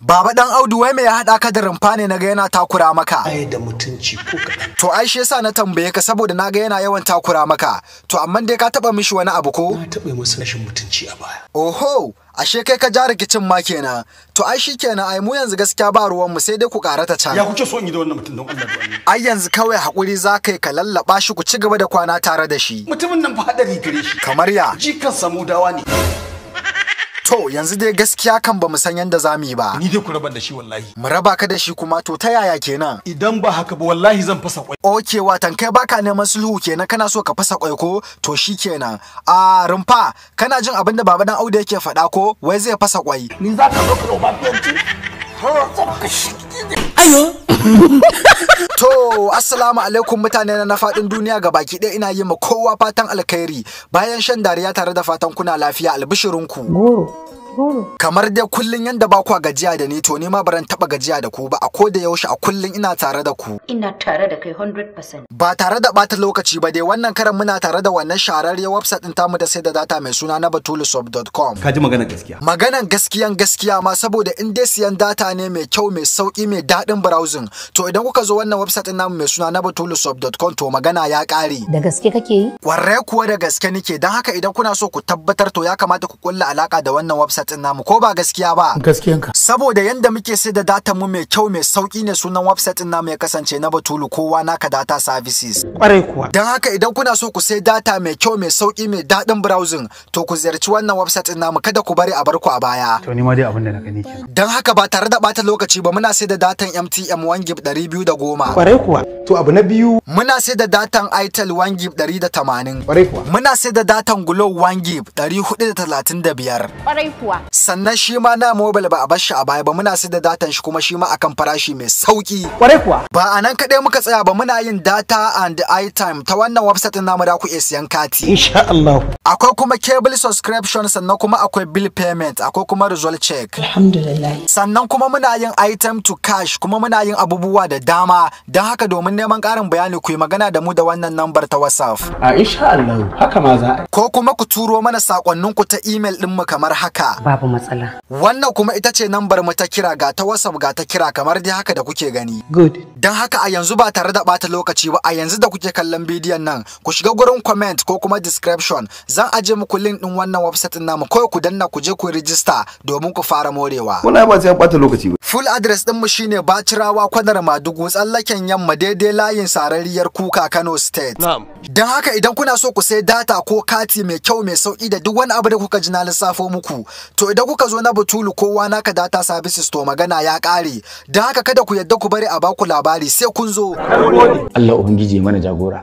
Baba dan Audu wai me ya haɗa ka da rumfa ne naga yana takura maka? Ai da mutunci ko kaɗan. To ai shi yasa na tambaye ka saboda naga yana yawan takura maka. To amma dai ka taba mishi wani abu ko? Na taɓa masa rashin mutunci a baya. Oho, ashe kai ka ja rikicin ma kenan. To ai shi kenan ai mu yanzu gaskiya ba ruwan mu sai dai ku karata can. Ya kuke so in yi da wannan mutum don Allah Ai yanzu kawai hakuri za kai ka lallaba shi ku ci gaba da kwana tare da shi. Mutumin nan ba haɗari gare shi. Kamar ya? Jikan samu dawa ne. To yanzu dai gaskiya kan ba mu san yanda za mu yi ba. Ni dai ku raba da shi wallahi. Mu raba ka da shi kuma to ta yaya kenan? Idan ba haka ba wallahi zan fasa kwai. Okay watan kai baka neman sulhu kenan kana so ka fasa kwai ko to shi kenan. A rumfa kana jin abin da baba dan Audu yake faɗa ko wai zai fasa kwai. Ni za ka zo ka roba fiyanci. Ayo. To, assalamu alaikum mutane na faɗin duniya ga baki ɗaya ina yi ma kowa fatan alkhairi bayan shan dariya tare da fatan kuna lafiya albishirinku. ku. Kamar dai kullun yanda ba kwa gajiya da ni to ni ma baran taba gajiya da ku ba a ko da yaushe a kullun ina tare da ku. Ina tare da kai 100%. Ba tare da bata lokaci ba dai wannan karan muna tare da wannan shararriyar website din tamu da sai da data mai suna na batulusoft.com. Ka ji maganar gaskiya. Maganar gaskiyan gaskiya ma saboda in dai siyan data ne mai kyau mai sauki mai daɗin browsing to idan kuka zo wannan website din namu mai suna na batulusoft.com to magana ya kare. Da gaske kake yi? Kwarai kuwa da gaske nike don haka idan kuna so ku tabbatar to ya kamata ku kulla alaka da wannan website ɗin namu ko ba gaskiya ba gaskiyanka saboda yanda muke sai da data mu mai kyau mai sauki ne sunan website din namu ya kasance na Batulu kowa naka data services kwarai kuwa dan haka idan kuna so ku sai data mai kyau mai sauki mai daɗin browsing to ku ziyarci wannan website din namu kada ku bari a bar ku a baya to ni ma dai abin da na gani kenan dan haka ba tare da bata lokaci ba muna sai da datan MTM 1 gig 210 kwarai kuwa to abu na biyu muna sai da datan Itel 1 gig 180 kwarai kuwa muna sai da datan Glow 1 gig 435 kwarai kuwa sannan shi ma na mobile ba a bar shi a baya ba muna su da datan shi kuma shi ma akan farashi mai sauki kwarai kuwa ba a nan kaɗai muka tsaya ba muna yin data and itime ta wannan website namu da ku iya siyan kati insha Allah akwai kuma cable subscription sannan kuma akwai bill payment akwai kuma result check alhamdulillah sannan kuma muna yin item to cash kuma muna yin abubuwa da dama don haka domin neman ƙarin bayani ku yi magana da mu da wannan lambar ta WhatsApp. A insha Allah haka ma za Ko kuma ku turo mana sakonninku ta email mu kamar haka. babu matsala wannan kuma ita ce nambar mu ta kira ga ta whatsapp ga ta kira kamar dai haka da kuke gani good dan haka a yanzu ba tare da bata lokaci ba a yanzu da kuke kallon bidiyon nan ku shiga gurin comment ko kuma description zan aje muku link din wannan website namu ko ku danna ku je ku register domin ku fara morewa wannan ba sai bata lokaci ba full address din mu shine Bacirawa Kwanar Madugu tsallaken yamma daidai layin sarariyar kuka Kano state na'am dan haka idan kuna so ku sai data ko kati mai kyau mai sauki da duk wani abu da kuka ji na lissafo muku to idan kuka zo na butulu kowa naka data services to magana ya kare da haka kada ku yadda ku bari a baku labari sai kun zo Allah ubangiji mana jagora